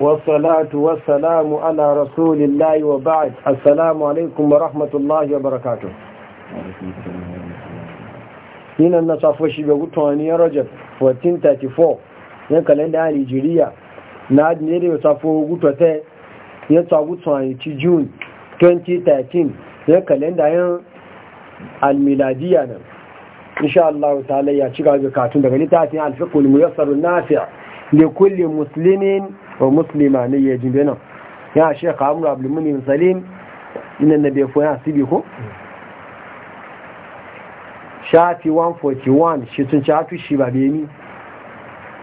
والصلاة والسلام على رسول الله وبعد السلام عليكم ورحمة الله وبركاته هنا النصف وشبه طواني رجب 1434 ينقلن على جريا ناد نيري وصفه قطوة ينصف طواني تجون 2013 ينقلن على الميلادية إن شاء الله تعالى يا شكرا بكاتون دغني تاتي الفقه الميسر النافع لكل مسلمين wa muslima ne ya jimbe nan ya shi ka amur abulmuni salim ina na bai foya asibi ko shati 141 shi tun shatu shi ba bai ni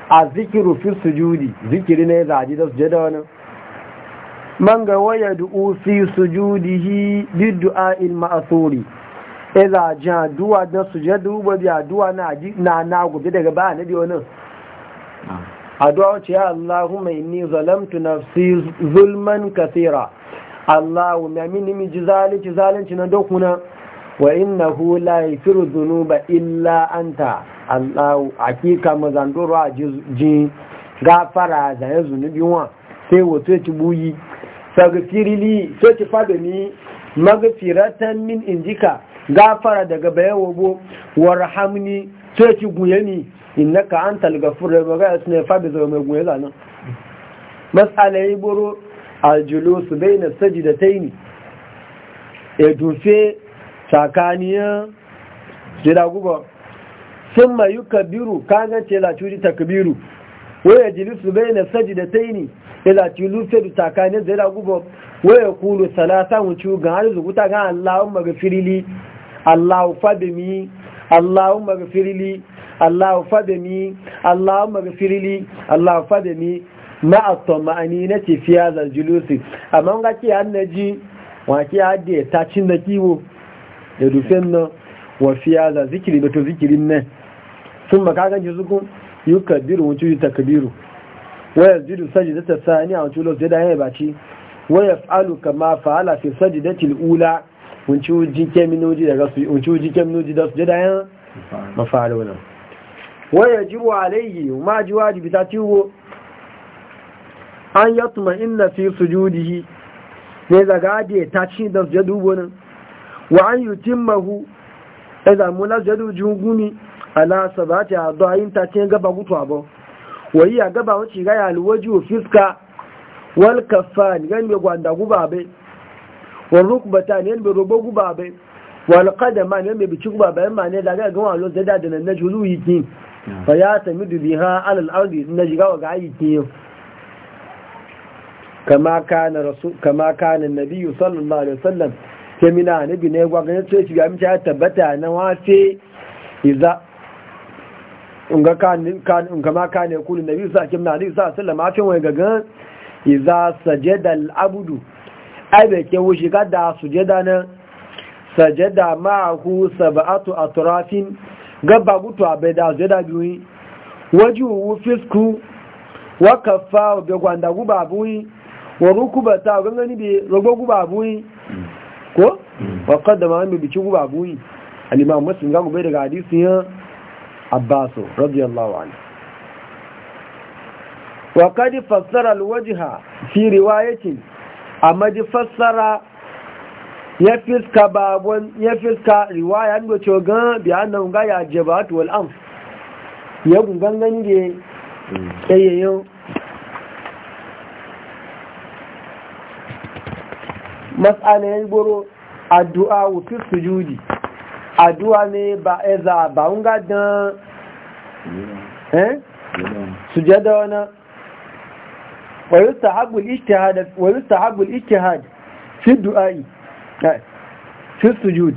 a zikiru fi judi, zikiri ne zaji da jada wani man ga waya du'u fi sujudihi bid'a il ma'thuri idza e ja du'a da jada ba a na na gobe daga ba na biyo wani addu'a wacce ya Allahumma inni zalamtu nafsi zulman kathira Allahumma mini min zalunci zalanti na dokuna wa innahu la yafiru dhunuba illa anta Allah hakika mazanduru a ji gafara da ya zunubi wa sai wato ci buyi sagfirili sai ci fada ni magfiratan min indika gafara daga bayawo wabo warhamni sai ci guyani innaka antal ghafur rahim ga sune fabi zo mai goye zanan masala yi buru aljulus baina sajdatayn e dufe tsakaniya jira gugo summa yukabbiru kaga ce la turi takbiru waya jilisu baina sajdatayn ila tulufe tsakaniya jira gugo waya kulu salatan wucu ga har zuguta ga Allahumma ghafirli Allahu fadimi Allahumma gafirili, Allahu fadani, Allahumma gafirili, Allahu fadani, ma a tsoma a ni na tafiya zanjulusi, amma ga ke an na ji wake haɗe ta cin da kiwo da dufin nan wa fiya zikiri da to zikirin nan sun ba kagan ji zukun yi kabiru wancu yi ta kabiru wayar jidu saji da ta sani a wancu lo da ya bace wayar alu kama fa'ala fi saji da til'ula wunci wuji keminoji daga su da su je dayan mafaro nan waya jiru alayhi ma ji wajibi ta ciwo an yatma inna fi su sujudihi ne daga je ta ci da su je dubo nan wa an yi yutimmahu idan e mula jadu jungumi ala sabati adain ta ce gaba gutu abo wayi gaba wuci ga yalwaji fiska wal kaffan gan me gwanda gubabe warrukbata ne mai robo guba bai wani kada ma ne mai bici guba bayan ma ne daga gama lo da dadin na julu yiki fa ya tami dubi ha alal ardi na jiga wa ga yiki yau kama kana rasul kama kana nabi sallallahu alaihi wasallam ke mina ne tabbata unga kan kan kama kullu nabi sallallahu alaihi wasallam a cikin wani gagan idza sajada al abudu abeke wuce gada sujada na sajada ma'ahu sab'atu atrafin gaba gutu abai da sujada biyu wajuhu fisku wa kaffaru be gwanda guba buyi wa rukubata gangani be rogo guba buyi ko wa qaddama an bi ci guba buyi al-imam muslim ga gobe daga hadisi ya abbas radiyallahu anhu wa qad fassara al-wajha fi riwayatin amma ji fassara ya fiska babon ya fiska riwaya da ce gan biya nan ga ya jabatu wal am ya gungan gange da mm. tsayayyo matsala ya goro addu'a wufi sujudi addu'a ne ba eza ba unga dan eh sujada wannan ويستحب الاجتهاد ويستحب الاجتهاد في الدعاء في السجود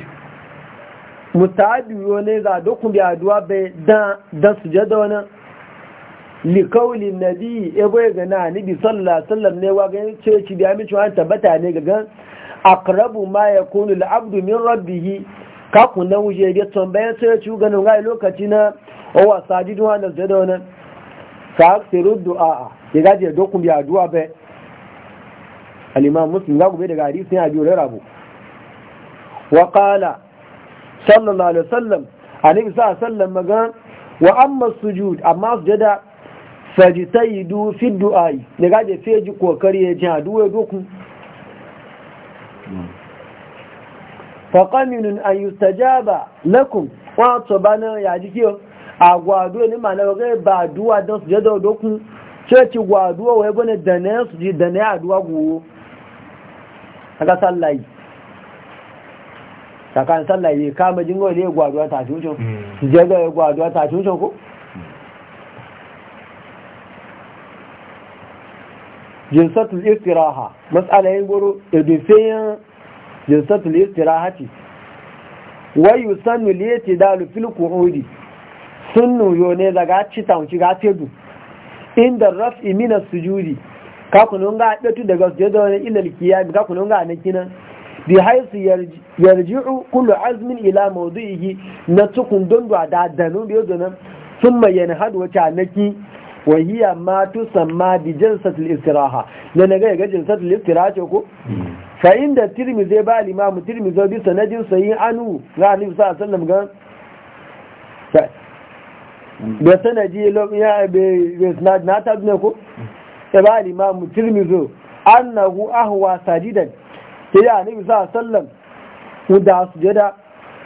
متعدي وني زادكم بأدواء دان دان سجد وانا لقول النبي ابو غنا نبي صلى الله عليه وسلم ne wa ganin ce ci da aminci wa tabbata ne ga aqrabu ma yakunu al-abdu min rabbih ka kunan wuje ya tambayan sai ci ganin ga lokaci na wa sajidun wa da wannan fa du'a ya gaje do kun ya du'a be al-imam muslim ga gobe daga hadisi ya biyo rabu wa qala sallallahu alaihi wasallam annabi sallallahu alaihi wasallam magan wa amma sujud amma sujada fajtaidu fi du'a ya gaje feji kokari ya ji addu'a dokun فقمن أن يستجاب لكم وعطبنا يا جيكيو agwado ni ma na ga ba duwa don su jado da ce ci gwado wai bane da ne su ji da ne aduwa go aka sallai sakan sallai kama jingo ne gwado ta hmm. Su je ga gwado ta tuncin ko jinsatul istiraha mas'ala yin goro edufeyan jinsatul istirahati wa yusannu liyati dalu fil qu'udi sun nuyo ne daga cita wuce ga tedu inda raf'i mina sujudi ka kuno ga datu daga sujada wani ilal kiyam ka kuno ga nan kinan bi haisu yarji'u kullu azmin ila mawdu'ihi na tukun dondwa da danu biyo donan summa hadu wata anaki wa hiya ma tusamma bi jalsatil istiraha ne ne ga ga jalsatil istiraha ce ko hmm. fa inda tirmidhi ba al-imam tirmidhi bi sanadin sahih anu ga annabi sallallahu alaihi wasallam ga da sanadi ya bai sinadi na ta duniya ko ya ba limamu tirmizo annahu ahwa Ta sai ya nabi sa sallam da su jada.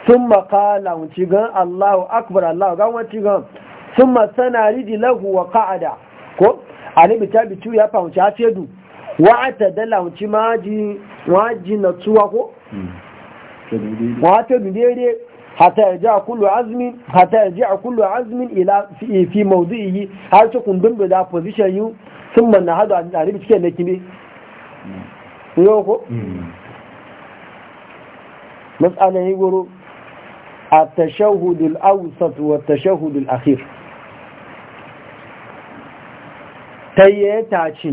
sun makala wuce gan allahu akbar allahu gan wuce gan sun masana riji lahu wa ka'ada ko a nabi ta bitu ya fahimci a fedu wa a ta dala wuce maji na tuwa ko hmm. wa ta daidai. hatta a kullu azmin hatta yarji'a kullu azmin ila fi fi yi har su kun dumbe da position yu sun manna hada da cikin ne kibe yo yi goro التشهد الأوسط والتشهد الأخير tayye tace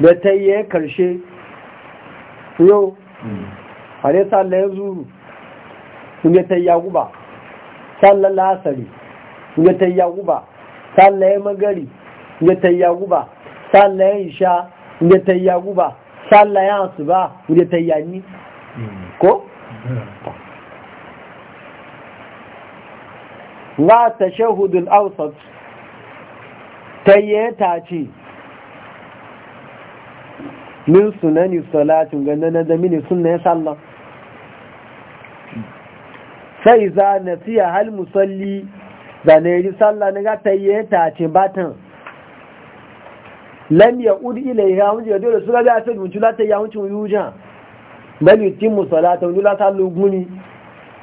da ta yi karshe yau a nesa da zuru sunye yaguba guba sallar lasari sunye ta ya guba sallar magari sunye ta guba sallar isha sunye ta ya guba sallar asuba sunye ta ya ni ko la ta yi ta ce min sunani salatin ganin na zamini suna ya sai za na siya hal musalli da na yi sallah na gata yi ta ce batan lam ya udi ila ya wuce ya dole su ga ya sai mutula ta ya wuce yuja bal yutim musalata mutula ta luguni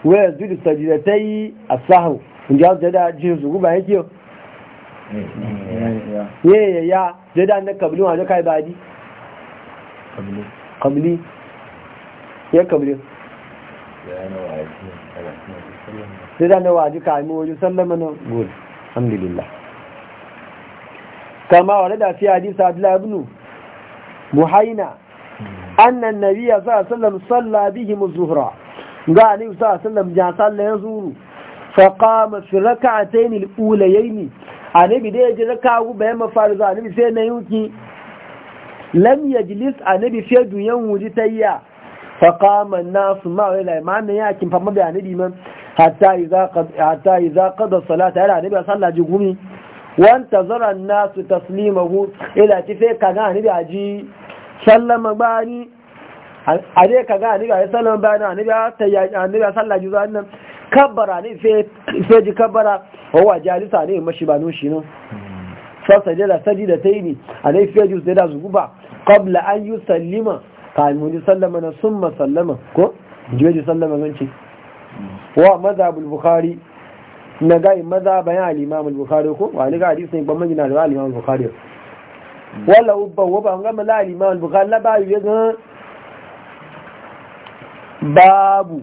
wa yazidu sajdatai as-sahw kun ja da jin zugu ba yake ye ya ya da da na kabli wa da kai badi kabli kabli ya kabli ya na wa sai da nawa ji kami wajen sallama na gol alhamdulillah kama wa da fi hadisi abdullahi ibn muhaina annan nabiyya sa alaihi wasallam salla bihim zuhra ga ne sallallahu alaihi wasallam salla sallan zuru فقام في الركعتين الأوليين annabi da ya ji raka hu bayan mafaru zuwa annabi sai na yunki lam yajlis bi sai dunyan wuji tayya فقام الناس ما ولا ما ان ياكن فما بيان دي من حتى اذا قد حتى اذا قضى الصلاه على النبي صلى الله عليه وسلم وانتظر الناس تسليمه الى تفي kaga annabi ayi sallam bani annabi ta ya annabi sallallahu alaihi wasallam kabbara ne sai ji kabbara wa jalisa ne mashi banu shi nan ta yi ne, tayni alai sai ji sai da zuguba kabla an yusallima kamun ji sallama na sun masallama ko jiwe ji sallama zanci wa mazhabul bukhari na gai mazhaban al-imam al-bukhari ko wa ni ga hadisi ban man gina da al-imam al wala ubba wa ban ga mal al-imam al-bukhari la ba yi babu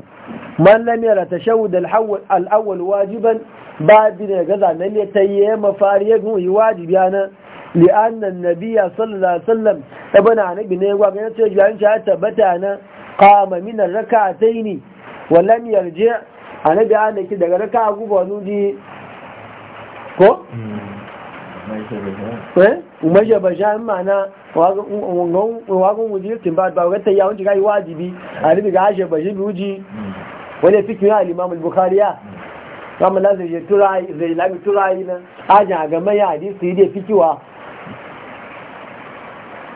man lam yara tashawud al-awwal wajiban ba bi ne gaza na ne tayye mafari ya yi wajibi ana لأن النبي صلى الله عليه وسلم ابن عنك بنيوا بين عن شهادة بتانا قام من الركعتين ولم يرجع أنا بأنا كده ركع أقوب ونودي كو umarja bashan mana wagon wujiyar timbar ba wata yawon cika yi wajibi a rubi ga ashe bashin ruji wani fikin ya alimamul bukhariya kama na zai tura zai lami tura yi na ajin a gama ya hadisi da fikiwa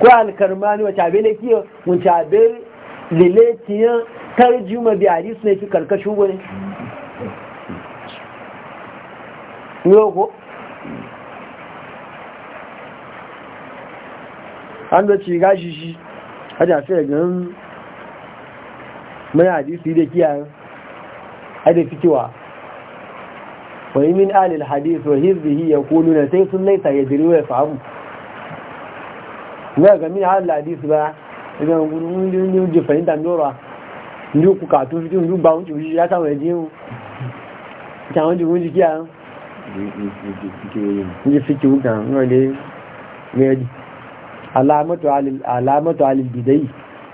ko alkarmani wace abin da kiyo wacce abin liletiyan tarjuma bi hadis ne fi karkashin wani yoko an da ci gashi shi a jafi gan mai hadisi da kiyayen hada fitowa wani min alil hadis wa hizbihi ya kulu na sai sun laisa ya jiri wa ya na gami min hal hadis ba idan gurun din din ji fahimta ndora ndi ku ka tu ndi ba unji wuce ya ta waje mu ta unji unji kiya yi fiki wuka ngode ngedi alamatu alil alamatu ya bidai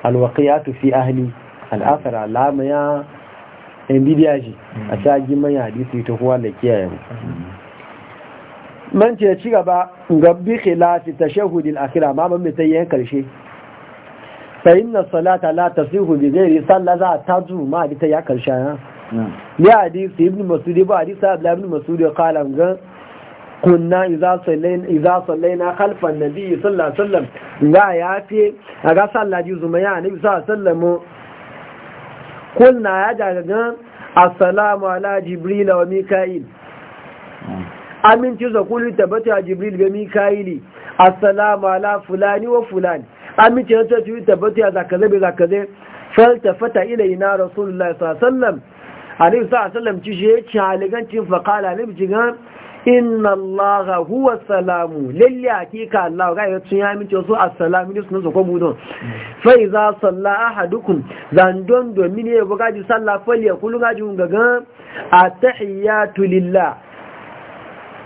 ahali fi ahli al'asar alama ya yan e bidiyaji a ta ji hadisi ta kowa da kiyaye man ce ci gaba ga bi khilafi al akhira ma ban mai tayyan karshe fa inna salata la tasihu bi ghairi salla za ta zu ma bi tayya karshe ya ya hadith ibn mas'ud ba hadith abdullah ibn mas'ud qala ga kunna idza sallayna idza sallayna khalfa an-nabi sallallahu alaihi wasallam ga ya fi ga sallah ji zuma ya nabi sallallahu alaihi wasallam kunna ya daga assalamu ala jibril wa mika'il aminci zakuli tabbata a jibril ga mikaili assalamu ala fulani wa fulani aminci na tafi tabbata a zakaze bai zakaze faltafata ilaina rasulullahi sallallahu alaihi wasallam alaihi sallam ci shi ya ci haligancin ne bi jigan inna allaha huwa salamu lalle hakika allah ga ya tun ya mince su assalamu ne su su kwa budon fa iza salla ahadukum zandon domin ya buga ji salla fali ya kullu gaji gaga atahiyatu lillah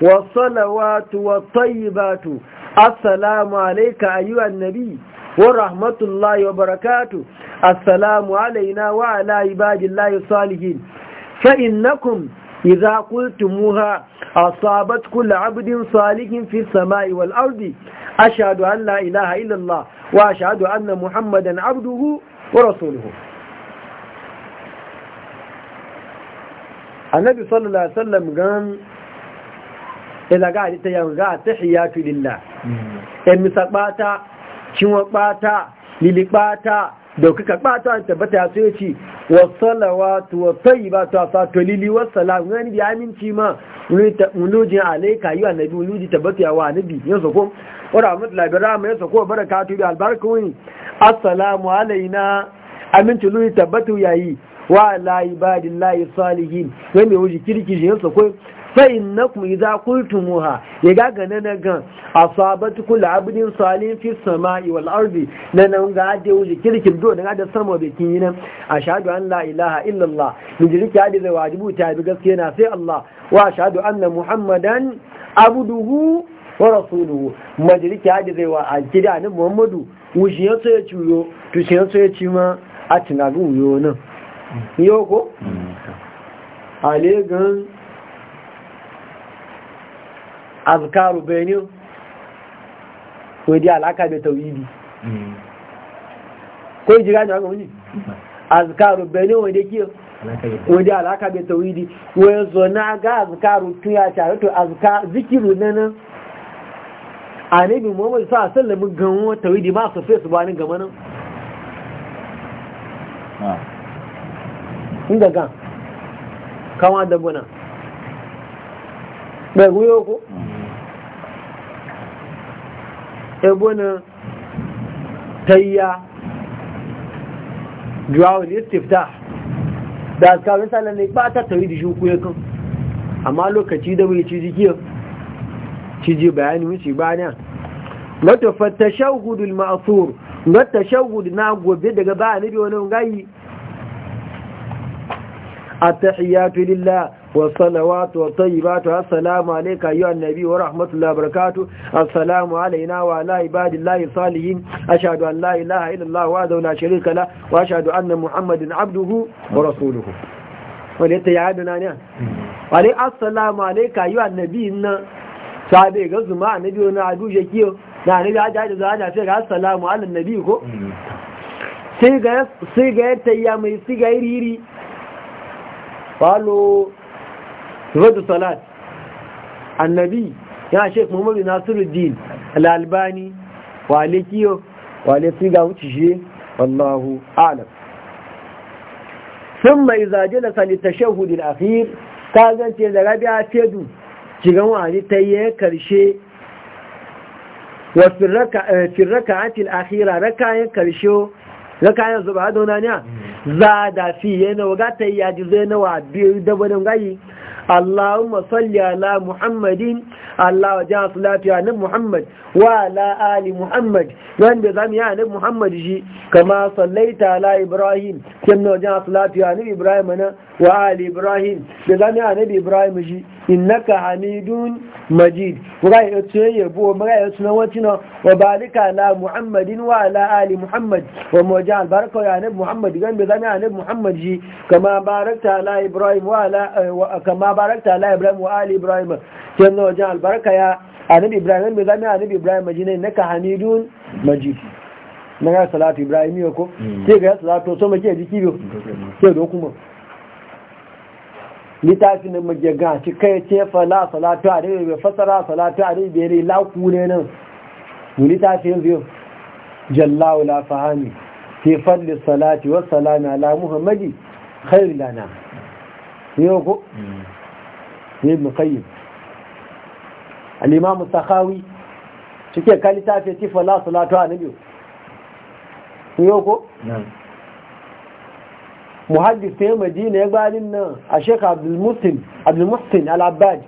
والصلوات والطيبات السلام عليك أيها النبي ورحمة الله وبركاته السلام علينا وعلى عباد الله الصالحين فإنكم إذا قلتموها أصابت كل عبد صالح في السماء والأرض أشهد أن لا إله إلا الله وأشهد أن محمدا عبده ورسوله النبي صلى الله عليه وسلم قال ila ga ta yan ga tahiyatu lillah en hmm. misabata kinwa bata da kuka bata tabbata ya so ci wa salawatu wa tayyibatu ta lili wa salam ngani bi aminci ma mulujin alayka yi annabi muluji tabbata ya wa annabi yanzu ko wa rahmatullahi bi rahma yanzu ko barakatu bi albarakun assalamu alaina aminci lulu tabbatu yayi wa la ibadillahi salihin wani wuji kirki yanzu ko fa'in na kuma iza kultumuha ya gaga na gan a sabatu kula abinin salin fi sama iwal arbi na nan ga ade wuce kirkin do na da sama da kin yi nan a shahadu an la ilaha illallah min ki hadi da wajibu ta bi gaskiya na sai Allah wa shahadu na muhammadan abuduhu wa rasuluhu majirki hadi zai wa a gida na muhammadu wushiyar so ya so ya a wuyo nan yau ko azkaru benin wadda alaka da tauhidi ko jira ne haka wani azkaru benin wadda kiyo wadda alaka da tauhidi wadda zo na ga azkaru tuya tare to zikiru na nan a nabi muhammad sa sallamin gano tauhidi ma su fesu ba ni gama nan inda gan kama da buna ɓaguyo ko? ebonin tayya duwawar istifta da azkarin sallar ne ba ta tari da shuku ya kan amma lokaci da bai ci jikin ci ji bayani wuce baniya wata fatashahudul ma'asur wata shahud na gobe daga ba ne wani ngayi التحيات لله والصلوات والطيبات السلام عليك أيها النبي ورحمة الله وبركاته السلام علينا وعلى عباد الله الصالحين أشهد أن لا إله إلا الله وحده لا شريك له وأشهد أن محمد عبده ورسوله وليت يعادنا نعم عليه السلام عليك أيها النبي إن sabe ga zuma nabi wani adu yake na nabi ajaji da zaja sai ga assalamu ala nabi ko sai ga sai ga tayya mai siga iriri قالوا رد صلاة النبي يا شيخ محمد ناصر الدين الألباني وعليكيو وعليكي قاوة والله أعلم ثم إذا جلس للتشهد الأخير كازن تيزغابي أفيدو تيغنوا علي تيه كرشي وفي الركعة الأخيرة ركعة كرشيو ركعة زبعة دونانيا za da fi yana wagata ya ji zai nawa biyu da wani gayi Allahumma salli ala Muhammadin Allah wa jiha su lafiya na Muhammad wa ala ali Muhammad wanda mu yi na Muhammad shi kama sallaita ala Ibrahim kim na jiha su lafiya na Ibrahim na wa ali ibrahim da zami anabi ibrahim shi innaka hamidun majid kuma ya ce yabo ga ya sunan wacin wa barika la muhammadin wa ala ali muhammad wa maja albarka ya annabi muhammad gan da zami anabi muhammad ji kama barakta ala ibrahim wa ala eh, kama barakta ala ibrahim wa ali ibrahim kenan wajen albarka ya annabi ibrahim da zami anabi ibrahim majid innaka hamidun majid na ga salatu ibrahim yi ko hmm. sai ga salatu so muke jiki biyo sai da kuma da muke ga ci kai ce fala salatu a daidai bai fasara salatu a daidai bai rai laku ne nan littafi yanzu yau jallawa la fahami fi fadli salati wa salami ala muhammadi khairu lana yau ko hmm. ne mu kayyar al'imamu sakawi cike ka littafi ci fala salatu a daidai yau ko hmm. muhaddis ne madina ya gbalin nan a sheik abdulmustin abdulmustin al-abbad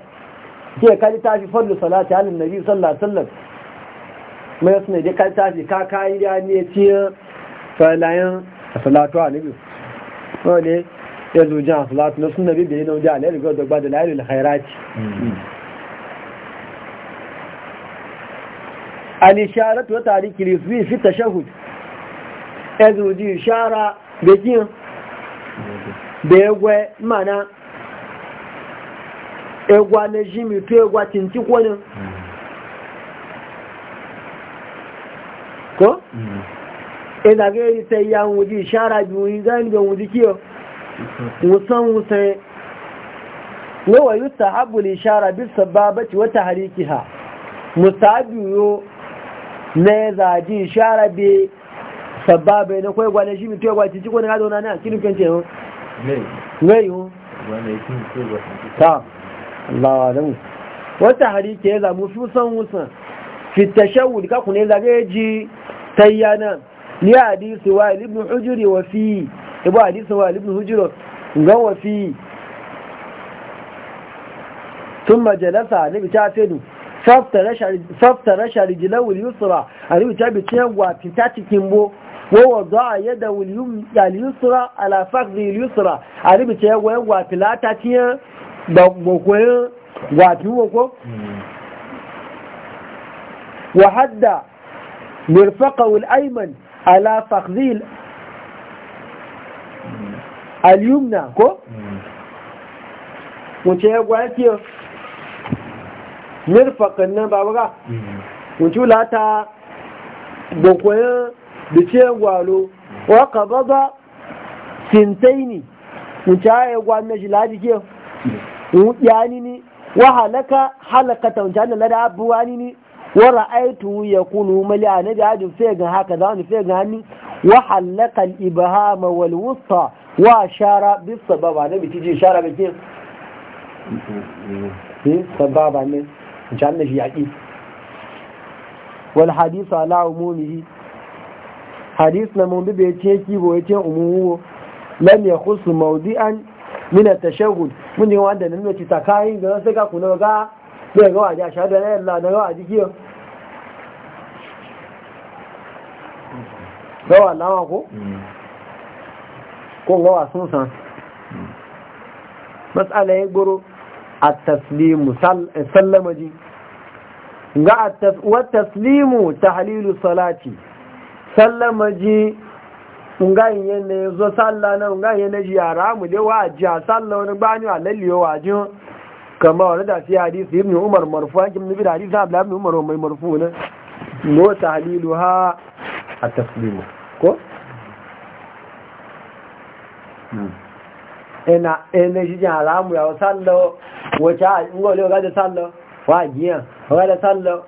ke kali tafi fallu salati halin nabi sallallahu alaihi wasallam mai yasu ne je kali tafi ka kayi da ne ciye falayan salatu alibi wane ya zuji a salatu na sunna bibiyar yana wuce alayar gaba gaba da layar alkhairati al-isharatu wa tarikil fi tashahhud ya zuji ishara da da egwe mana egwa e na e. ji mitu egwa tinci kwanin ko? ina ga yi iya wuji shara biyu yi zai ga wuji kiyo wusan wusan yawa yi ta habu ne shara bisa babaci wata hariki ha musabiyo na ya zaji shara biyu sababu ne ko gwa ne shi mutu gwa ci ko ne hado na ne kinu kence ho ne yo ta Allah da mu wata harike ya zamu su san wusan Fita shawul ka kune zage ji tayyana ni hadisi wa ibn hujri wa fi ibu hadisi wa ibn hujri ga wa fi bi ta النبي Safta rashar jilawul yusra a ta bi cewa ta cikin bo ووضع يده اليسرى على فخذ اليسرى عربي تي وين وافلا تاتيا دوكوين واتيو وكو مرفقه الايمن على فخذه اليمنى كو وتي واتيو مرفق النبابغا وتي لا تا دوكوين da ce gwalo wa ka baza sintai ne ci ya gwanna shi laji ke yani ni wa halaka halaka ta wuce hannun da abuwa ni ni wa ra'aitu ya kunu mali a nabi ajin fiye ga haka za wani fiye ga hannu wa halaka ibahama wal wusta wa shara ba ba nabi ci ji shara ga ke ba ne wuce hannun shi yaƙi wal hadisa ala umumihi hadis na mun bibe ce kibo ya ce umuhu ya yakhusu mawdi'an min at-tashahhud mun yi wanda nan ne ta kai ga sai ka kuna ga ne ga waje shahada la ilaha da ga waje kiyo wa wallawa ko ko ga wasun san mas'ala ya goro at-taslimu sallama ji ga at-taslimu tahlilu salati sallama ji ngan yene zo sallah na ngan yene ji yara mu de wa ji sallah wani gbani wa lalliyo wa ji kama wani da fi hadisi ibn umar marfu an kimni bi hadisi abu ibn umar mai marfu ne no ha a taslim ko hmm. ena ene ji yara mu ya sallah wacha ngole ga da sallah wa ji ya ga da sallah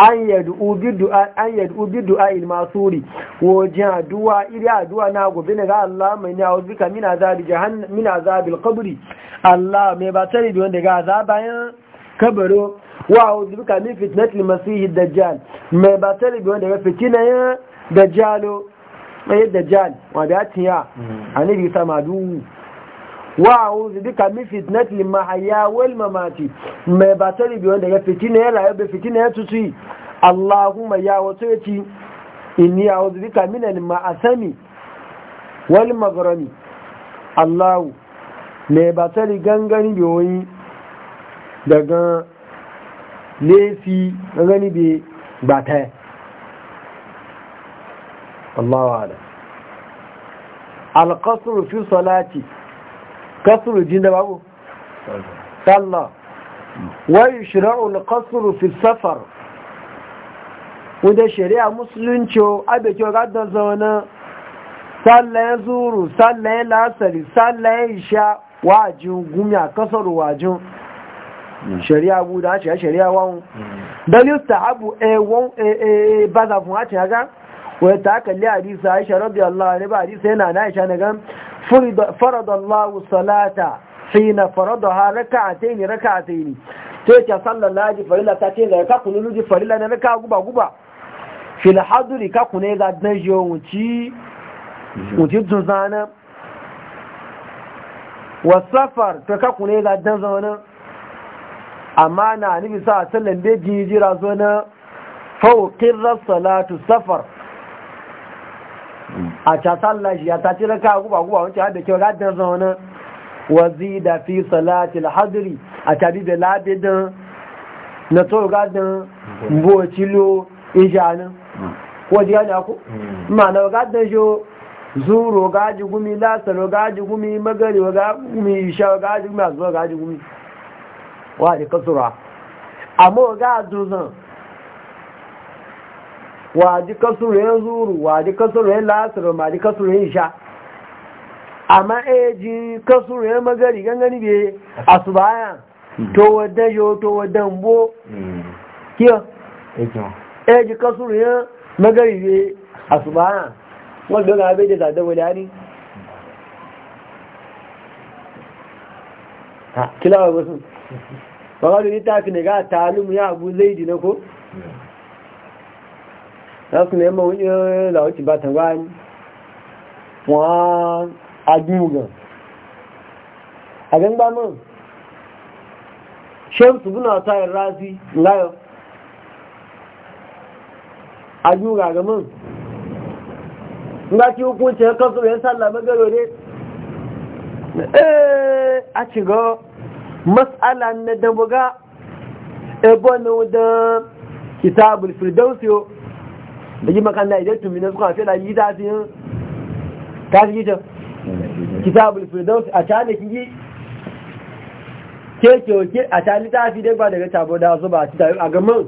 an yad'u bi du'a'il masuri wajen addu'a iri addu'a na gobe ne ga Allah mai ne auzu ka min azabi jahannam min azabil qabri Allah mai ba tare da wanda ga bayan kabaro wa auzu ka min fitnatil masih dajjal mai ba tare da wanda ga ya dajjalo mai dajjal wanda ya? tiya mm. annabi sama duhu wa a'udhu bika min fitnatil mahya wal mamati me ba tare bi wanda ya fitina ya be fitina ya tutu Allahumma ya wato yaci inni a'udhu bika min al ma'asami wal magrami Allah me ba tare gangani bi wani daga lefi gangani bi ba ta Allahu ala al-qasr fi salati kasuru jin da babu sallah wai shira'ul kasuru fi safar wanda shari'a musulunci abe kyau zaune sallayen zuru sallayen lasari sallayen isha wajin gumiya kasar wajin shari'a abu da ce shari'a wawon dalilta abu e, a1 a e, e, baza fun a ce haka wata kalli hadisa aisha rabbi a'a, ne ba hadisa yana na aisha na gan farada Allah salata hina faradaha raka'atayn raka'atayn to yake sallar laji farila ta ce ga ka kunu luji farila na raka guba guba fil hadri ka kunu ga dan jiyo wuci wuci tunzana wa safar to ka kunu ga dan zauna amma na nabi sa sallan be jira zo na fawqir salatu safar a ta sallah shi ya ta ci raka guba guba wancan hada kyau gadan zaune wazi da fi salatil hadiri a tabi da labidan na tsoro gadan bocilo ijanin wajen yana hmm. ku na gadan shi zuro gaji gumi lasaro gaji gumi magari gumi isha gaji gumi azuwa gaji gumi wa da kasura amma ga zan. waji kasurin zuru waji kasurin lasirin maji kasurin sha amma eji kasurin magari a su baya to wadda yo to wadda mbo hmm. kiyo eji e kasurin magari be a su baya wadda ga da zada wadani kilawa wasu ba ga da littafi ne ga talum ya abu zaidi na ko lọ́kùnrin ẹmọ ìlà ó ti bá tàn wáyé wọ́n agbúrùgàn àgbẹ́gbà ṣe ń tùbú náà tàà ìrásí láyọ̀ agbúrùgàn àgbẹ́mọ́ ńgbá tí ó kún tẹ́ kọ́sùn rẹ̀ sálà mẹ́gẹ́rẹ̀ rẹ̀ a mas'ala na na kitabul daji makanda idan tumina suka fi da yi tasirin tasirin eh? ta kitabul firdaus a cani kiji keke oke a cani fi dai ba daga tabo da su ba a gaman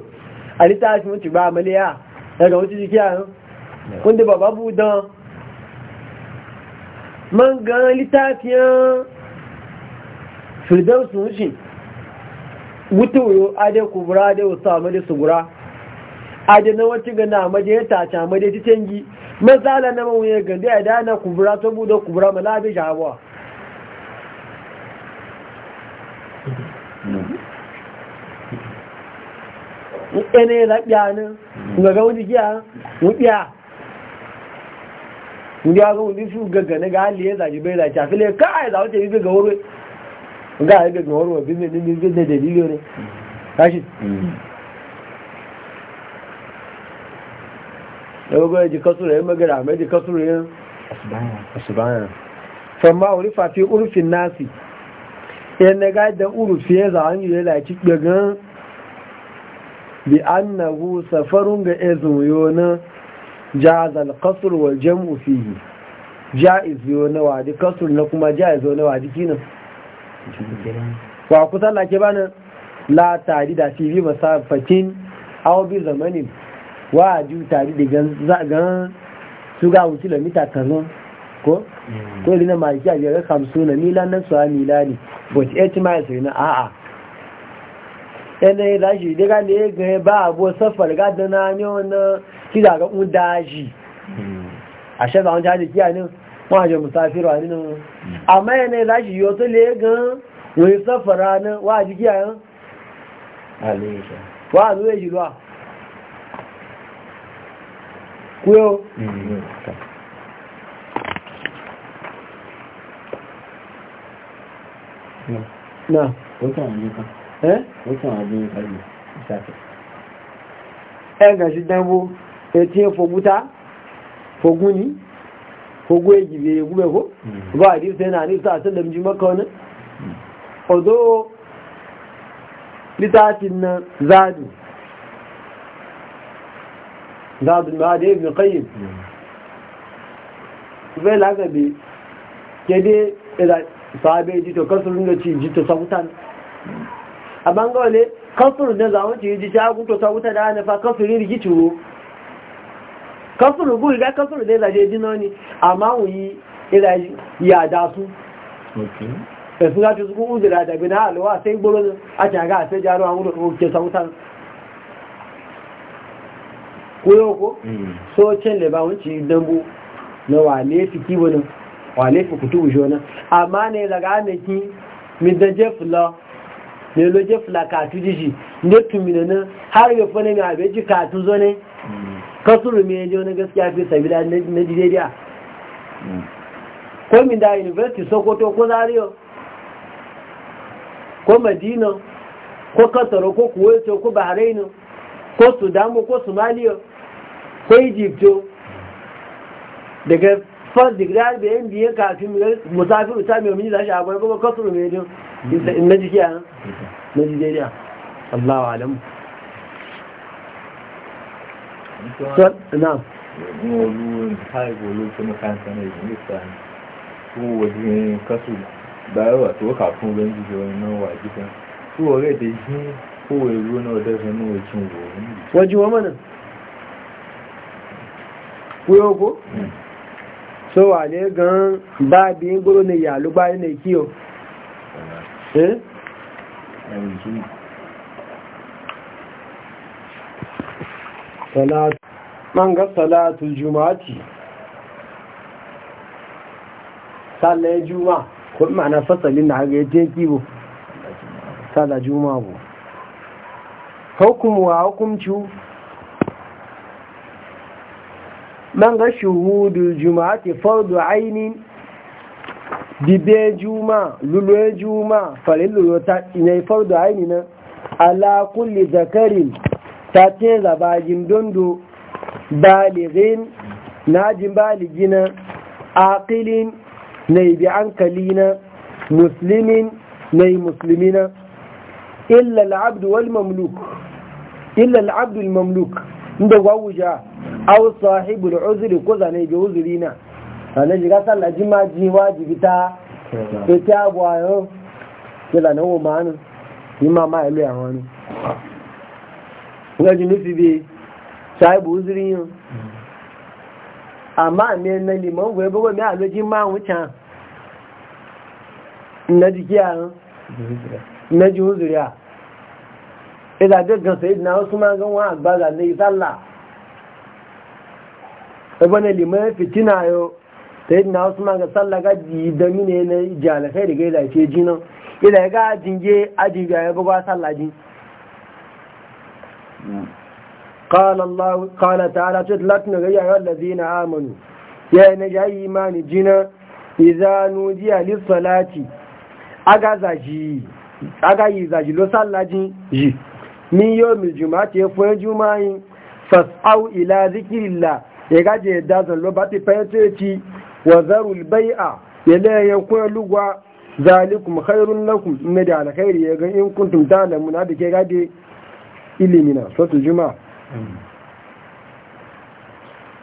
a fi mutu ba maliya daga wuce jiki a yin eh? kundi ba babu don man gan littafiyan eh? firdaus wuce wuto yo ade kubura ade wasu amali adana wacce gana maje ya ta maje ta canji matsala na mawuye gande a da na kubura ta buɗe kubura malabi shahawa ɗane ya zaɓiya nan ga ga wani giya wuɗiya a ga wani su gaggane ga hali ya zaɓi bai zaɓi a fili ka a yi ga wuri ga a yi wuri wa ne da dalilin ne yawagoya ji kasura yin magana mai ji kasura yin asibaya famma nasi yan na gadan urufi ya zawon yi yana gan bí an na safarun ga ezuyo jazal kasur wa jam'u fihi ja'iz yo bana la da zamanin wa a ji tare da gan su ga wuce da mita kazan ko ko rina ma ji a biyar kamsu na mila nan su a mila ne but 8 miles rina a'a yanayi rashi daga ne ya gaya ba abuwa safar gada na ne wani kira ga ƙudashi a shaɗa wani jihar jikiya ne wajen musafiru a ninu amma yanayi rashi yi otu ne gan wani safara na wajen jikiya yan? wa zuwa shi ruwa kuyo na wata wani ka eh wata wani ka ne safe eh ga shi dambo eh tie foguta foguni fogu ejibe egube ko mm. ba di se na ni sa sallam ji maka wani mm. odo litatin na zadu زاد ma'ad ابن qayyim في laga كده إذا dai ila كسر ji to صوتان da ci ji to sabutan a bangare kasurun da zamun ci ji da bu ga da dino ni amma yi ila ya da su okay sai ga su ku uzura da bina alwa sai gboro a ta ga sai jaro an gudu ke sautan. koyo ko mm. so cin da ba wunci dambu na wale fi kiwo nan wale fi kutu wujo nan amma na daga ne ki min da jefla ne lo jefla ka tu jiji ne tumi na nan har ya fane mai abe ji ka atu zo ne mm. kasuru me je wani gaskiya fi sabila na jidediya mm. ko min da university sokoto ko zariyo ko madina ko kasaro ko kuwaito ko bahrain ko sudan ko somaliya ko jifto daga first degree har yin biyan kafin musafir uta mai omini zashi abuwa kuma kasuru mai yadda na a nan na nigeria na wajen kasu da yawa to kafin wani jijewa nan rai da ruwa na wajen kuyo ko so wale gan ba bi gboro ne ya lugba ne ki o eh? eh salat man ga salatul juma'ati sallai juma ko ma'ana fasalin da haka yace kibo sallai juma hukumu wa hukumcu man ga shuhudul juma'ati fardu ainin dibe juma lulwe juma farin ta ne fardu aini na ala kulli zakarin ta ce zabajin dondo Baligin, najin baligina aqilin ne bi ankalina muslimin ne muslimina illa al wal mamluk illa al al-mamluk inda gwawuja aw sahibul uzri ko zane bi uzri na sanan jiga sallah jimaji wajibi ta ita gwayo ke zane wo manu ima ma ilu àwọn ni ngaji nufi bi sahibu uzri yin amma ne na liman gwe bugo mi aloji ma wuta na jikiya na ji uzuriya ida gaggan sayyidina usman gan wa agbaza ne sallah wani liman fitina yau ta yi na wasu ma ga sallaka jidami ne na jalafai da gaida ce jinan ila ya ga jinge ajiyar ya gaba sallajin kala ta ala ce latin ga yayi wadda zai na amonu ya yi na jayi imani jinan izanu jiya lissalati aga yi zaji lo sallajin yi ni yau mil juma'a ce fuwa juma'a yi fas'au ila zikirillah ya gaje ya dazan lo ba ti fayyace ci wa zarul a, ya ya kuwa lugwa zalikum khairun lakum ina da alkhairi ya ga in kuntum ta'lamuna da ke gaje ilimina so to juma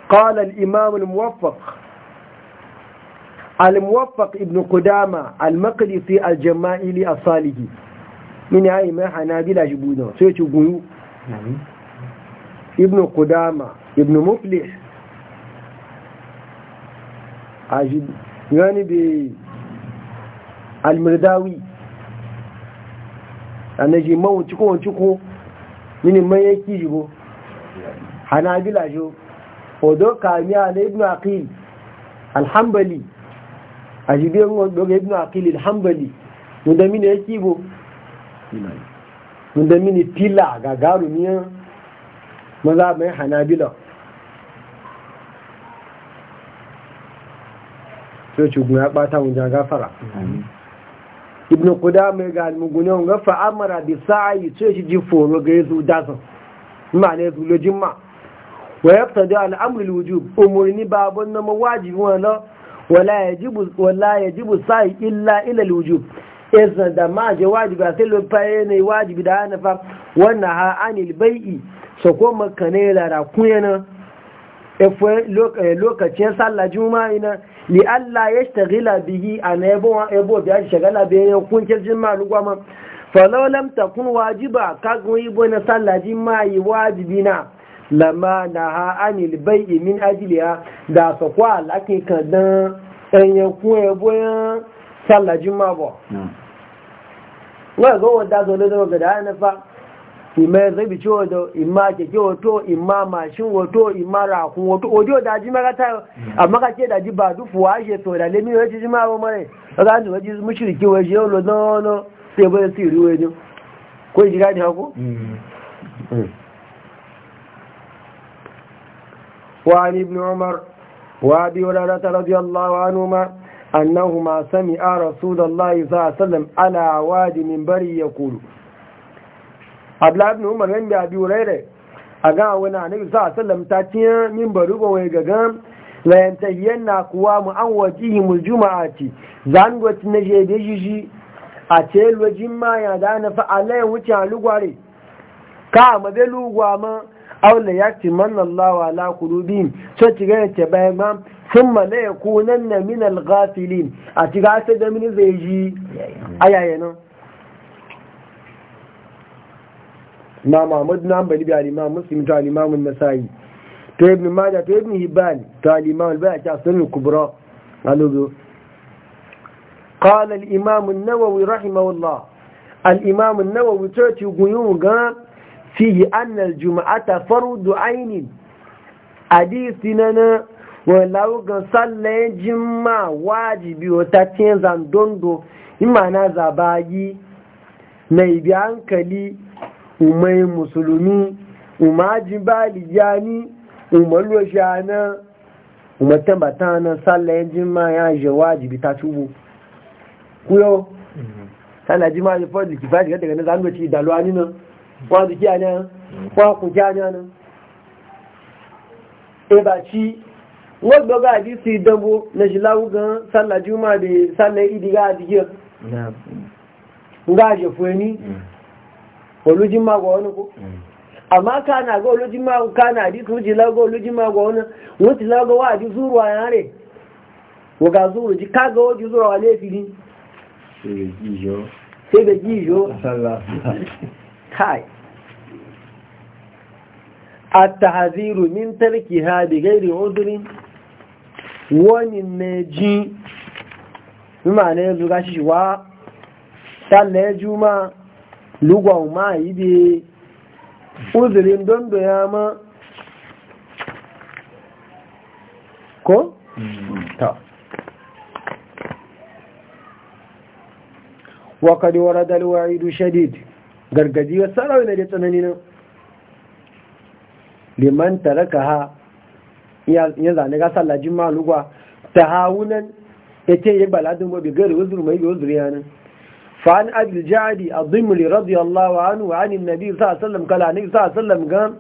qala al imam al muwaffaq ibn Kudama al maqdisi al jama'ili as salihi min ya imam hanabila shibuna so guyu ibn Kudama ibn muflih ajib yani bi almirdawi hanabila jo odo kamiya na ibnu aqil alhambali ajibe won do ibnu aqil alhambali wanda mini yake bo wanda mini tila gagarumiya maza mai hanabila sai ci guya bata mun ja gafara ibn qudama ga almugunan ga fa amara bi sa'i sai ci jiforo ga yazo dasa ma ne zulo jimma wa yaqtadi al-amr al-wujub umurni babun na wajibi wala wala ya wala yajibu illa ila al-wujub da ma je wajibi sai lo faye ne wajibi da hanafa wannan ha anil bai'i so ko makane lara kuyana Eh, lokacin sallah juma'i na li Allah ya shagila bihi a na yabo biya shi shagala biya ne kun kirjin malugwa ma falau lam wajiba ka goyi bo na sallah juma'i wajibi na lama na ha anil bai'i min ajiliya da su kwa laki kan dan ɗanyen kun yabo yan sallah juma'a ba. Wai ga wadda zo da daga da ya nufa ìmẹ́ zẹ́bì tí ó dọ̀ ìmá kẹ̀kẹ́ da ìmá màṣín ọ̀tọ́ ìmá ràkún ọ̀tọ́ ojú ọ̀dájí mẹ́kátà àmọ́kàtí ẹ̀dájí bá dúfò àṣẹ tó ìdàlẹ́ ní ọjọ́ símá àwọn mọ́rẹ̀ ọ̀gá ní ọjọ́ múṣìrì kí wọ́n ṣe ó lọ náà sí ẹgbẹ́ sí haku? Mm. Mm. Wa kó Ibn Umar? Wa وعن ابن عمر وابي هريره رضي الله عنهما انهما سمع رسول الله صلى الله عليه وسلم على واد منبر يقول abdullahi ibn umar ran da abi hurairah a ga wani annabi sa sallam ta tiya min baru ba wai gaga la yantahiyanna kuwa mu an wajihi mu juma'ati zan gwati na je jiji a ce lojin ma ya da na fa alai wuce a lugware ka ma be lugwa ma awla yakti manna Allah ala qulubihim so ci ga ce bayan ma ma la yakunanna min al ghafilin a ci ga sai da min zai ji ayaye ma Muhammadu na bani bi al’imam muslim ta al’imamun nasari ta yi bin mada ta yi bin hibban ta al’imamun bai a ci a sunan kubra a lobo ƙalar imamun nawawi rahimahullah al’imamun nawawi ta ci guyun ga fiye annal juma'a ta faru da ainihin hadisi na na wallawu ga sallaye jimma wajibi wata cin zandondo mai bi hankali umai musulmi umaji balijani umarwa shana umartan bata na sallayen jima ya je wajibi ta tubu kuyo tana jima da fadli kifaji daga na zangoci da luwani nan kwa zukiya ne kwa kukiya ne nan eba ci wọ́n gbọ́gbà àti sí ìdánwò lẹ́ṣìláwó gan sálàjúmọ́ àdè sálẹ̀ ìdígá àdìgíọ̀ ǹgá àjẹ̀fún ẹni olujin magwa wani ko mm. amma kana ga olujin magwa kana hadisi wuce lagowa olujin magwa wani wuce lagowa a ji zuruwa ya re waga zuru ji kaga waje zuruwa laifili sai da gijo kai at-tahziru min tarkiha bi ghairi udhrin wani neji mimane zuga shi wa sallah juma'a lugwa ma yi be uzirin don doya ma ko? ta radar wa idu shadid gargaji ya sarau ne da tsanani nan liman ka ha ya zane ga sallajin lugwa ta hawunan ya ce yi baladin gobe gari wuzur mai wuzur yanin فعن أبي الجعدي الضمري رضي الله عنه وعن النبي صلى الله عليه وسلم قال النبي صلى الله عليه وسلم قال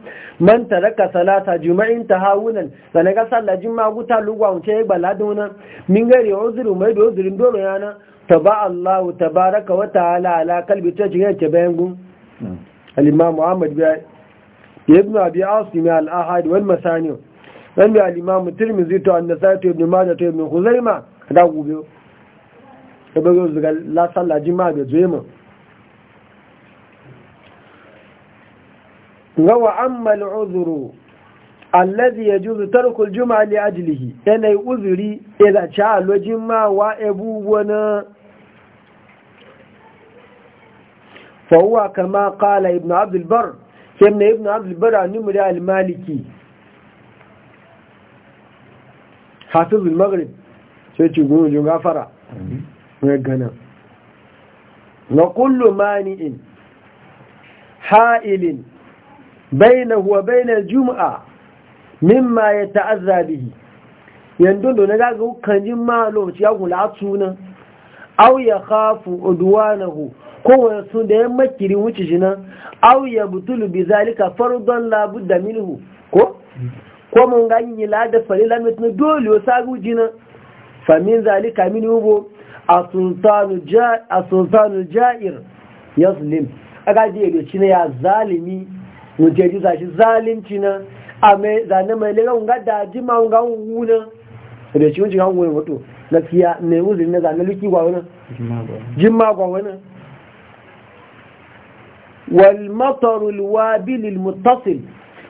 من ترك صلاة جمعة تهاونا فنقى صلى جمعة قلت لقوا ونشيك بلادونا من غير عذر وما يدو عذر دور يعني تبع الله تبارك وتعالى على قلب تشغير تبينكم الإمام محمد بي ابن أبي عاصم الأحد والمساني والإمام الترمذي تو والنسائي ابن ماجه ابن خزيمة هذا بيو ẹgbẹ́gbẹ́ òṣìṣẹ́ lásàlájí máa gẹ̀ẹ́jọ èmọ̀ gawa an mali ọzọrọ alẹ́dì ya jùzù tarkul juma alì ajilihi yanayi uzuri ìdàci alojin máa wá ẹbú wọná fọwọ́ kama kala ibn abdulbar kemna ibn abdulbar a numuri alimaliki hafizul maghrib sai ci gudun gafara wai gana na kullu mani'in ha'ilin bainahu wa bainal jum'a mimma yata'azza bihi yanzu da na gaga kanjin ma lokaci ya kula tuna auya ya khafu udwanahu ko sun da yan makiri wuce jina, auya ya butulu bi zalika fardan la budda minhu ko ko mun ganyi la da farila mutum dole wasa guji fa min zalika min hubo a sultanu ja'ir ya zulim a gaji yadda shi na ya zalimi wuce ji zashi zalimci na a mai zane mai lega wunga da jima wunga wuna da shi wunci kan wuni wato na fiya ne wuzuri na zane luki gwa wuna jima gwa wuna walmatarul wabilil mutasil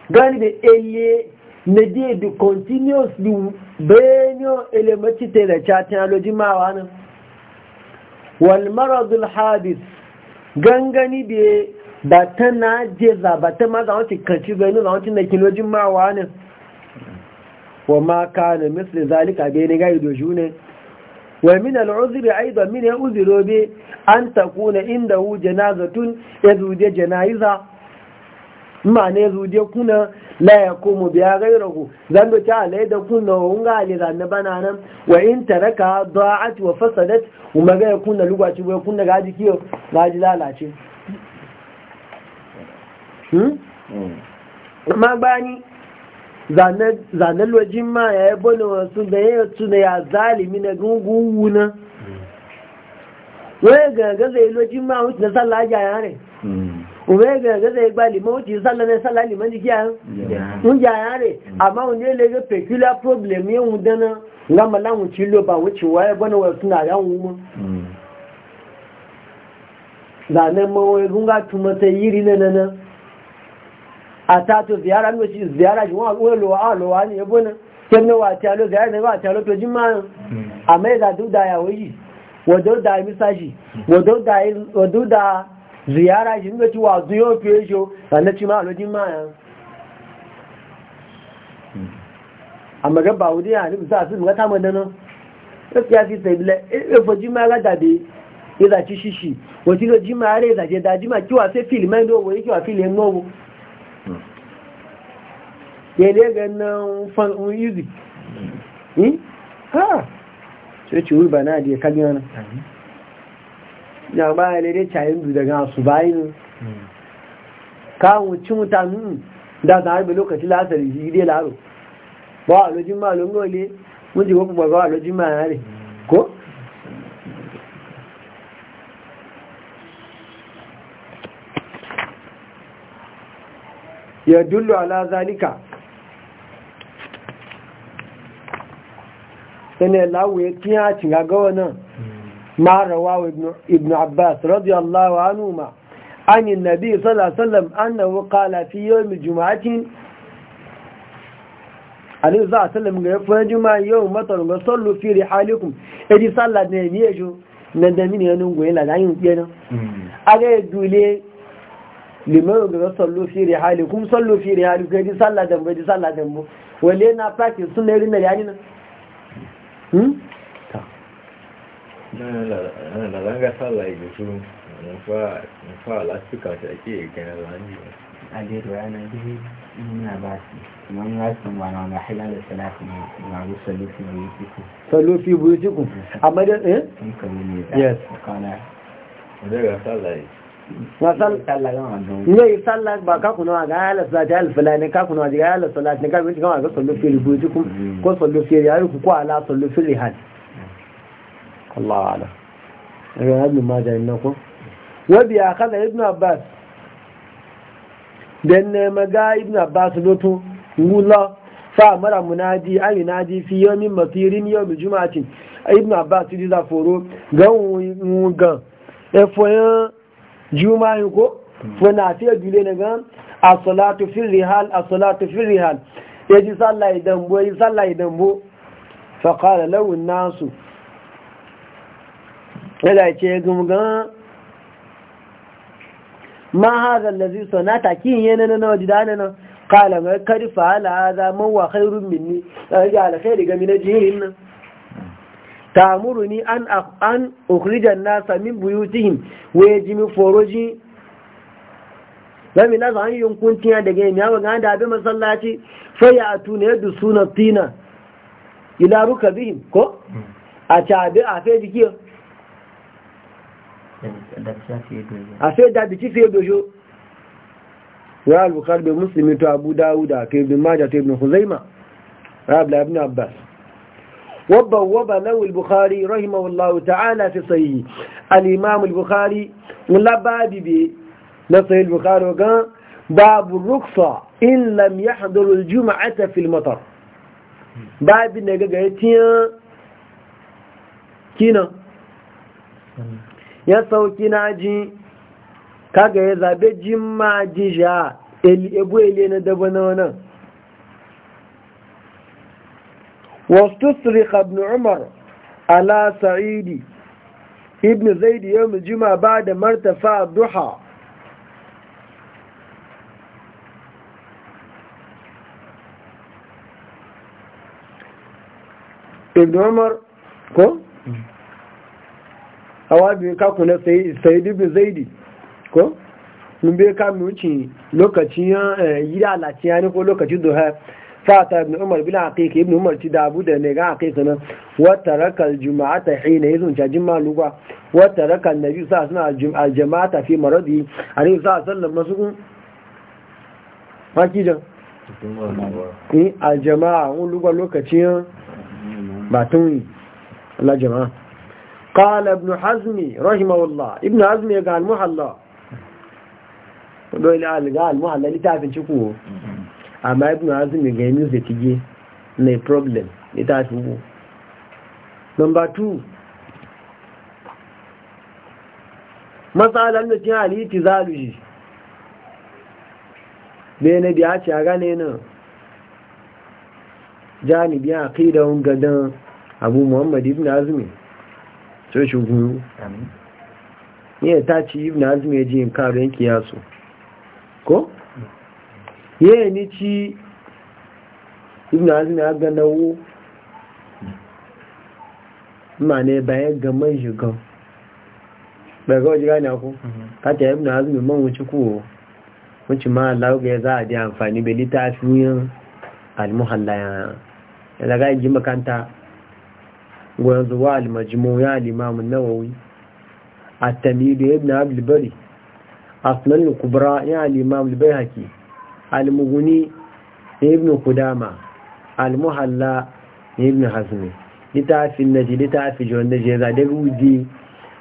gani da eye na je da continuously bayan yau elementi ta lo chatin alojin mawa nan walmaradul hadis gangani da ba ta na jeza ba ta ma zawon cikanci zainu zawon cin kilojin mawa ne wa ma na misli zalika bai ne gaido doji ne wa min al'uzuri aidan min ya uzuro be an takuna inda hu janazatun ya zuje janayiza ma ne zuje kuna la ya komo biya gairahu zan doki alai da kuna wa wunga ale na bana nan wa in taraka da'at wa fasadat kuma ga kuna lugwaci wa kuna gaji kiyo gaji lalace hmm? hmm ma bani zane lojin ma ya yi bane wasu da ya yi na ya zalimi na gungun wuna hmm. wani ga zai e yi lojin ma wuce na sallah ya yare hmm. òwe gẹ̀ẹ́gẹ́ sẹ́yìn gba lè mọ́ ó ti sálọ ní sálà lè mọ́ ní kí ń jà á rẹ̀ àmọ́ òun yẹ́ lẹ́gbẹ́ problem yẹ́ òun dáná ńlámà láwọn tí ló bá àwọn tí wọ́n ẹ̀ bọ́nà wọ̀ fún àrà òun mọ́. lànà mọ́ egun ká túmọ̀ sẹ́ yírí nánà àtàtò ziyara ní oṣù ziyara jù wọ́n lò ní ebó náà a ziyara shi nuna ci wazu yau fiye shi sannan ci ma'alojin maya amma gaba wuri ya nufi sa su mga ta madana ya fi sai bila efo e, jima ga dabe ya e zaci shishi wasu ga jima ya rai zace da jima kiwa sai fili mai nogo ya kiwa fili nogo ya ne ga nan fan music hmm? ha sai ci wuri ba na da ya ya ba ya lere cayin du daga su bayin hmm. ka wuce mutanen da a harbe lokaci lasari shi dai laro ba a lojin ma longo ne mun ji gwamnati ba a lojin ma yare ko ya dullo ala zalika Sani lawo ya tiya cin gagawa nan hmm. ما رواه ابن, ابن عباس رضي الله عنهما عن النبي صلى الله عليه وسلم أنه قال في يوم الجمعة عليه الصلاة والسلام يفهم جمعة يوم مطر وصلوا في رحالكم إذا صلى نبيجو ندمين ينونغو إلا دعين ينا أغير دولي liman ga sallu fi rihalikum sallu fi rihalikum kai sallah dambo ji sallah dambo wale na practice sunna irin da yani na hmm A sala hivi tu mfaa mfaa last week watakie kana lani adiru ana hivi mna basi man lasu wana wana halal salatu eh? na usalu fi buyutikum salu fi buyutikum amma da eh yes kana daga sala hivi wasan ne sallah ba ka kuna ga ala salati al fulani ka salati ga mm. ko sallu fi yariku ko ala sallu fi Allah ala daga abin majayin na ku wabi ibn abbas dan ne eh, maga ibn abbas lotu ngula fa mara munadi ayi nadi fi yawmin masirin yawmin juma'atin ibn abbas di la foro gan ngan e foyan juma'in ko fona fi dule na gan as-salatu fi salatu fi rihal yaji e sallah idan bo e yaji sallah idan bo fa qala law an-nasu ya ce gumgan ma hazan lazi sonata kin yana na waje da nan kala mai karfa ala haza man wa khairun minni daga alkhairi ga mina jihirin nan tamuruni an an ukrijan nasa min buyutihim wa jimi foroji zami nasa zan yi tiya daga yamiya ga da abin masallaci sai ya yadda yadu tina ila rukabihim ko hmm. a tabi a afe jikiyar a sai da biki fiye dojo ya albukar da musulmi to abu dawuda ta ibn maja ta ibn huzaima rabu ibn abbas wabba wabba nau albukari rahimahullahu ta'ala fi sayi al'imam albukari wula babi bi na sayi albukari gan babu rukfa in lam ya haɗaru juma'a ta filmatar babi na gaga ya kinan ya sauki na ji kaga ya zabe jin ma ji sha ebu ele na daba na wannan wasu sirika ibn umar ala sa'idi ibn zaidi yau jima ba da martafa duha ibn umar ko? Hmm. awa biyu kaku na sayidu bin zaidi ko mun bai kami wuce lokacin eh, yi da latiya ne ko lokacin duha fata ibn umar bin aqiq ibn umar ci da abu da ne ga aqiq nan wa taraka al juma'ata hina yazun ta juma lugwa wa taraka an nabi sallallahu alaihi wasallam al jama'ata fi maradi alaihi sallallahu masu haki jan ni eh, al jama'a un lugwa lokacin batun la jama'a قال ابن حزم رحمه الله ابن حزم قال محلى قال قال محلى لتعرف شكوه amma ibn azim ga yi music yi na problem ita fi number 2 matsalar da cin zaluji bai na biya ce a gane nan janibi a kai da gadon abu muhammad ibn sai shi guyu ya ta ci ibn azumi ya ji yin karo yanki so ko? Mm. ya ni ci ibn azumi ya gana wo ma ne bayan gama man shigan bai ga wajen gane ku mm-hmm. kata ibn azumi man wuce kuwa wuce ma lauga za a di amfani belita littafi yin almuhalla ya daga yin makanta ويانزو وينظر المجموع الإمام النووي التمييد ابن عبد البري أصلا الكبرى الإمام البيهكي المغني ابن قدامة المحلى ابن حزمي لتعفي النجي لتعفي جو النجي إذا دقودي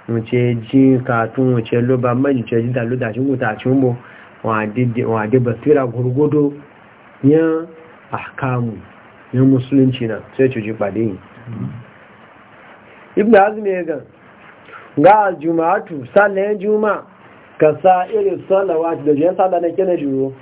wuce ji katun wuce loba mai wuce ji dalu da shingu ta cimbo wade basira gurgudu yan ahkamu yan musulunci na sai cuji ɓade yi ibn azim ya ga ga juma'atu sallan juma'a ka sa irin salawat da jiyan sallah na kina juro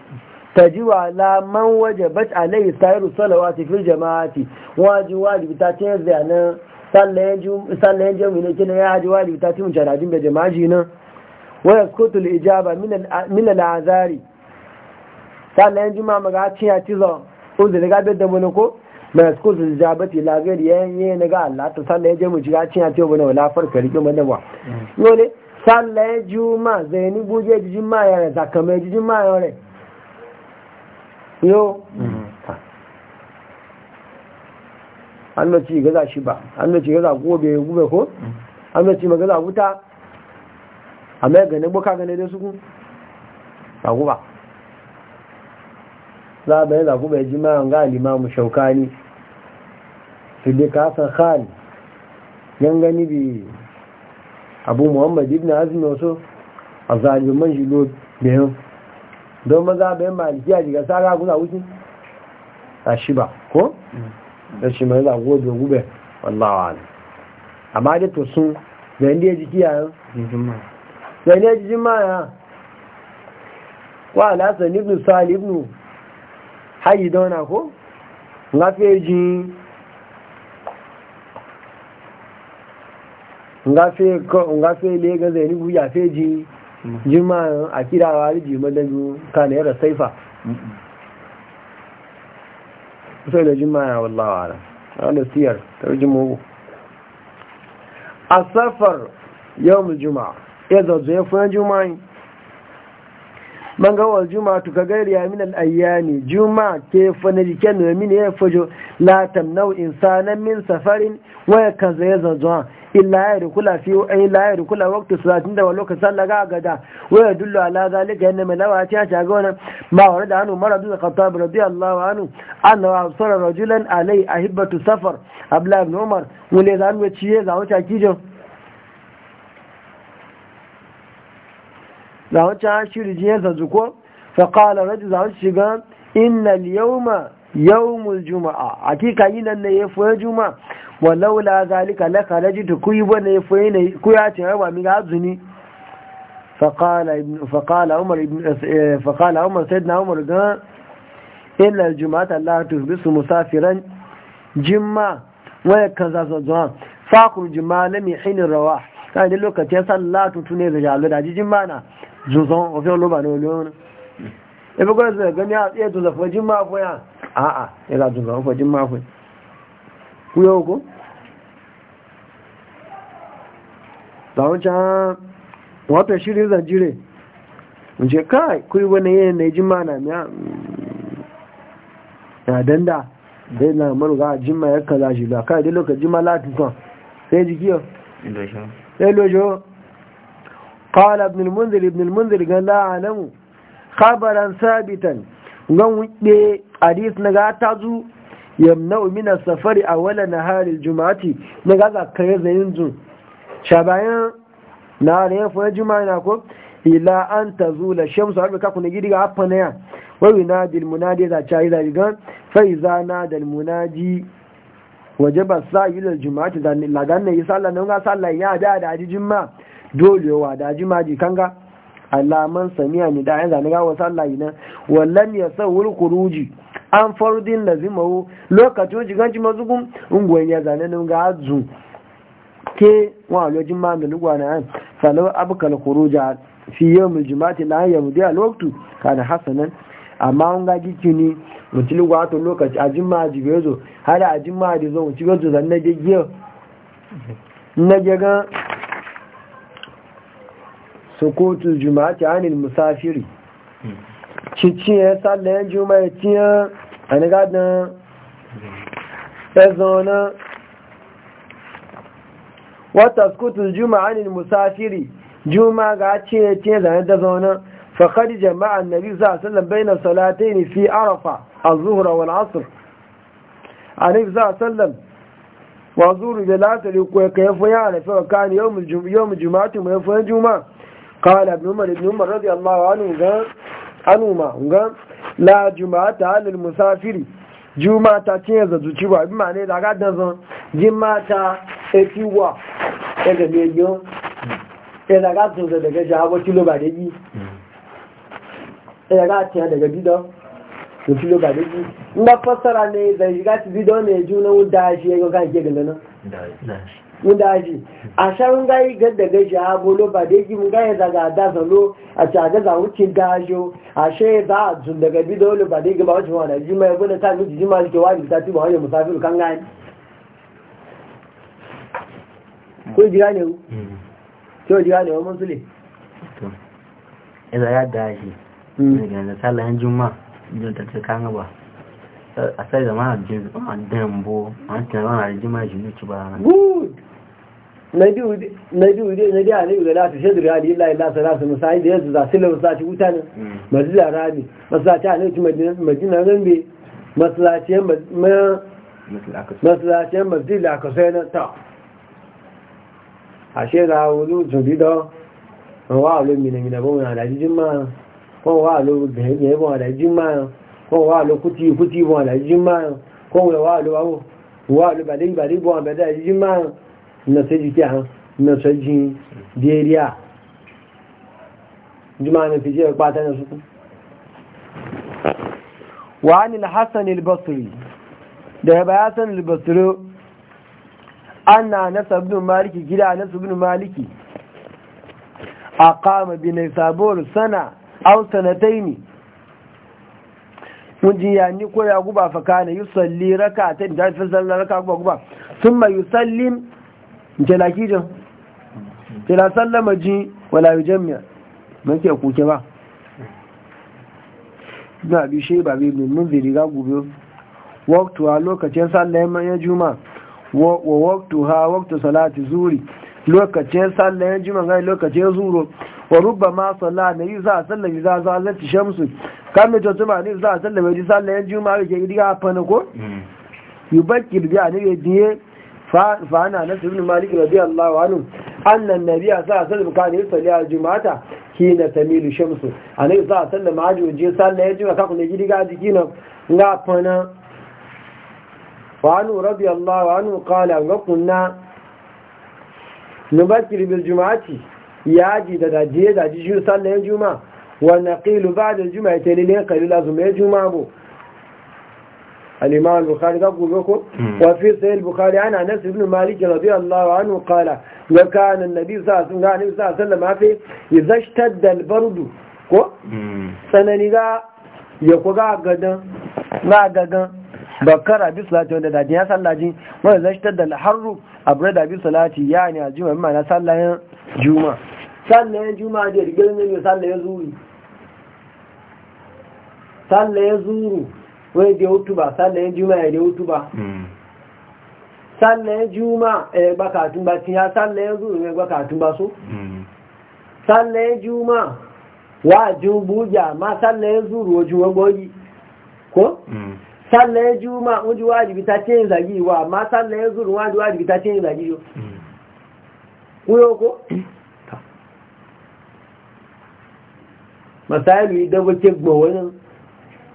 wa la man waje wajabat alayhi sa'iru salawati fil jama'ati waji wajibi ta ce zana sallan juma'a sallan juma'a ne kina ya haji wajibi ta ce mun jaradin da jama'a jinan wa yaskutu al ijaba min al azari sallan juma'a maga ci ya ci zo uzuri ga bedda ko mai suku su jabati lagari yayin yi na ga Allah ta sallah ya je mu jiga cin ya ce wani wala farka rike mana ba mm. yole sallah ya juma ni buje juma ya ne zakame juma ma yare yo mm. an lo ci gaza shi ba an lo ci gaza gobe gobe ko mm. an lo ci magaza wuta amma ga ne boka ga ne da su ku ba zaɓe za kuma bai ji mayan ga limamu shaukani su bi kasan khan yan gani bi abu muhammad ibn azmi wasu a shi shilo biyu don maza bayan malikiya daga saka kuna wuce a shi ba ko? Mm. da shi mai zago da gube wallawa ne amma da to sun da inda ya ji kiyayen eh? da inda ya ji eh? wa alasan ibn salih ibn hayi dona ko nga ngafe ko ngafe le ga zai ni buya feji jima a kira wa riji ka kana yara saifa sai da jima ya wallahi ala ala siyar tarjumu asafar yawm juma'a ya zo zai fa juma'a man Juma wal juma'atu ka gairi ya min al ayyami juma'a ke fa na jike ne min ya fajo la tamnau insanan min safarin wa ya kaza ya zazwa illa ya rikula fi ay la ya rikula waqtu salatin da lokacin sallah ga gada wa ya dullu ala zalika yana lawa ta ta ga wannan ma warada anu maradu da khattab radiyallahu anhu anna absara rajulan alai ahibatu safar abla ibn umar wule a wuce ya zawo ta ga wacce jihar jiyarsa zuko faƙala rajin za su shiga innal yawma yawmul juma'a a kika yi nan na ya Juma'a? juma wallawu la zalika la kharaji ta kuyi ba na ya fuye ne ku ya ce yawa mi ga zuni faƙala ibn faƙala umar ibn faƙala umar sayyidina umar ga innal juma'a la tubisu musafiran jimma waya kan za su zuwa fakul juma'a lami hinin rawa kan da lokacin sallatu tunai da jalu da jijin bana zuzon ofe oloba na olóòrùn ebe kọ́ ẹ̀sẹ̀ ẹ̀gẹ́ ní àtíyẹ̀ tó lọ́fọ́jí máa fún yà àà ẹ̀là tó lọ́fọ́jí máa fún kúyọ́ okó láwọn tí wọ́n tẹ̀ ṣírí ìzàjíre ǹjẹ́ káà kúrúwẹ́ na yẹ́ na jima na miya mm, na danda dai na maruga jima ya kaza shi ba kai dai lokacin jima latin kan sai sai قال ابن المنذر ابن المنذر قال لا أعلم خبرا ثابتا قال حديث نغا نغاتازو يمنع من السفر أول نهار الجمعة نغا كيزا ينزو شابعين نهار ينفو الجمعة نقول إلى أن تزول الشمس عربي كاكو نجيري غابنا وينادي المنادي إذا شاهد الجان فإذا نادى المنادي وجب الساعة إلى الجمعة لأن يسأل لأنه صلى يا داد عدي جمعة dole wa da jimaji kanga alaman samiya ne da yan zane gawa sallah nan wallan ya sa wuri kuruji an farudin zimawo lokacin jigan ci mazugun unguwan ya zane nan ga azu ke wa lojin ma da lugwa na an salau abkal kuruja fi na jumati la a lokutu ka da hasanan amma an ga giki ne mutu lugwa to lokaci a ma ji bezo har a ma da zo mutum bezo zanne na ga sukutu juma'ati anil musafiri ciciyar sallayen juma'a tiyan a na ezona wata sukutu juma'a anil musafiri juma'a ga ce tiyan zane da zona fakari jama'a Annabi za a sallan bai na salatai ne fi arafa a zuhura wani asir a nabi sallan wa zuru da latari ko ya kayafa ya arafa wa kani yau mu juma'atu mu yafa juma'a قال ابن عمر ابن عمر رضي الله عنه عنهما لا جمعة على المسافر جمعة تين زوجيوا بمعنى لا غدن جمعة اتيوا اجبيو ila ga tun da daga jawo kilo ba da yi ila ga tiya daga bidon da kilo ba da yi na fassara ne da shiga bidon ne shi ke mudaji a shan gai gada gaji a bolo ba da yake mun gaya daga da zalo a caga za wuce dajo a she za a zun daga bi da ba da yake ba wacce wani ji mai gudun ta miji jima ke wani ta ci ba wani musafiru kan gani ko jira ne wu mm. ko jira ne mun sule idan ya dashi daga mm. da sallan juma da ta ce kan a sai da ma a dan bo a ta ma jima shi ne ci ba good na biyu dai na biya na biyu ga shaidu rari illa illa salatu musayi da yanzu zasilar masaci wuta ne majalar rami masaci a nauci majina rambe masalaciyar majalar na ta a shaida wulu jumbi da wa alo minamina bon na daji jima ko wa alo gẹ̀ẹ́gẹ̀ẹ́ bon na daji jima ko wa alo kuti kuti bon na daji jima ko wa alo wa alo bàdé ìbàdé bon na daji jima na ta ji ha na ta jin deriya juma na fi jiyar kwata na suku wa anil hasan al-basri da ya san al-basri ana na sabbin maliki gida na sabbin maliki A kama binai sabuwar sana aw sanataini mujiya ni ko ya guba fa kana yusalli rak'atayn da fi sallar rak'a guba guba Sun mai yusallim jalaki kijin jela sallama ji wala yi jami'a ke kuke ba na bi shi ba bi mun zai riga gobe waktu ha lokacin sallama ya juma wa waktu ha waktu salati zuri lokacin ya juma ga lokacin zuro wa rubba ma salla na yi za a sallama za a zalati shamsu jotu jotuma ne za a ya ji ya juma ga ke ya fana ko mm. yi bakir biya ne ya diye fa'ana na sirrin malik rabi Allah wa an nun annan za a sa'a sallama kan yi sali a jumata ki na milu shamsu a nai sa'a sallama a jiwa jiya sallama ya jiwa kakwa mai gidiga a jiki na nga fana fa'anu rabi Allah wa nun kala ga kunna nubakir bil jumati ya ji da dajiye da jiya sallama ya juma wa naqilu ba da juma ya tele ne kalila zuma ya juma bu الإمام البخاري قبل لكم وفي صحيح البخاري عن أنس maliki مالك رضي الله عنه قال وكان النبي صلى الله عليه وسلم في إذا اشتد البرد كو سننغا يكوغا غدن غا غدن bakara bi salati wanda da ya sallaji wanda zai shitar da harru abu da bi ya ne a juma'a ma'ana sallayen juma'a sallayen juma'a da rigar ne sallayen zuru sallayen zuru wani da hutu ba sallayen juma ya da hutu ba hmm. sallayen juma ya eh, gba ba tiya sallayen zuru ya gba eh, ba so hmm. sallayen juma wa buja ma sallayen zuru ko hmm. juma ojú wa jibita tí ń zagi wa ma ya zuru wajen jibita jibita tí ń zagi yo kúrò ko masáyẹ̀lú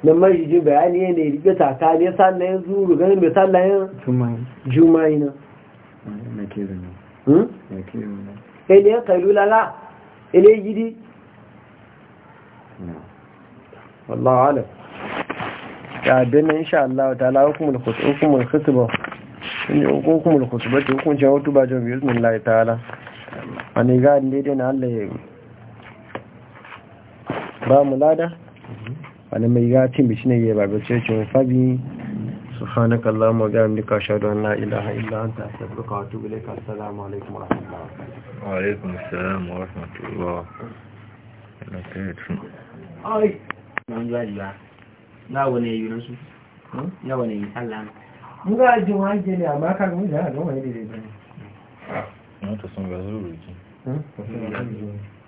na mai bayani ya ne riga tsakani ya sanna ya zuru ganin mai sanna ya juma'i na ne hmm? ya kailu lala ele gidi wallahu alam ya dinna insha Allah ta'ala hukumul hukumul khutba ne hukumul khutba ta hukuncin hutu ba jami'u bismillah ta'ala ani ga ne dai na Allah ya yi. ba mu lada wani mai gacin bici ne ya babu cikin fabi سبحانك اللهم وبحمدك اشهد ان لا اله الا انت استغفرك واتوب اليك السلام عليكم ورحمه الله وبركاته وعليكم السلام ورحمه الله ai nan zai ba na wane yi nasu na wane yi mun ga ajin hanje ne amma kan mun da ga wani da dai ba ne na to sun ga zuru ji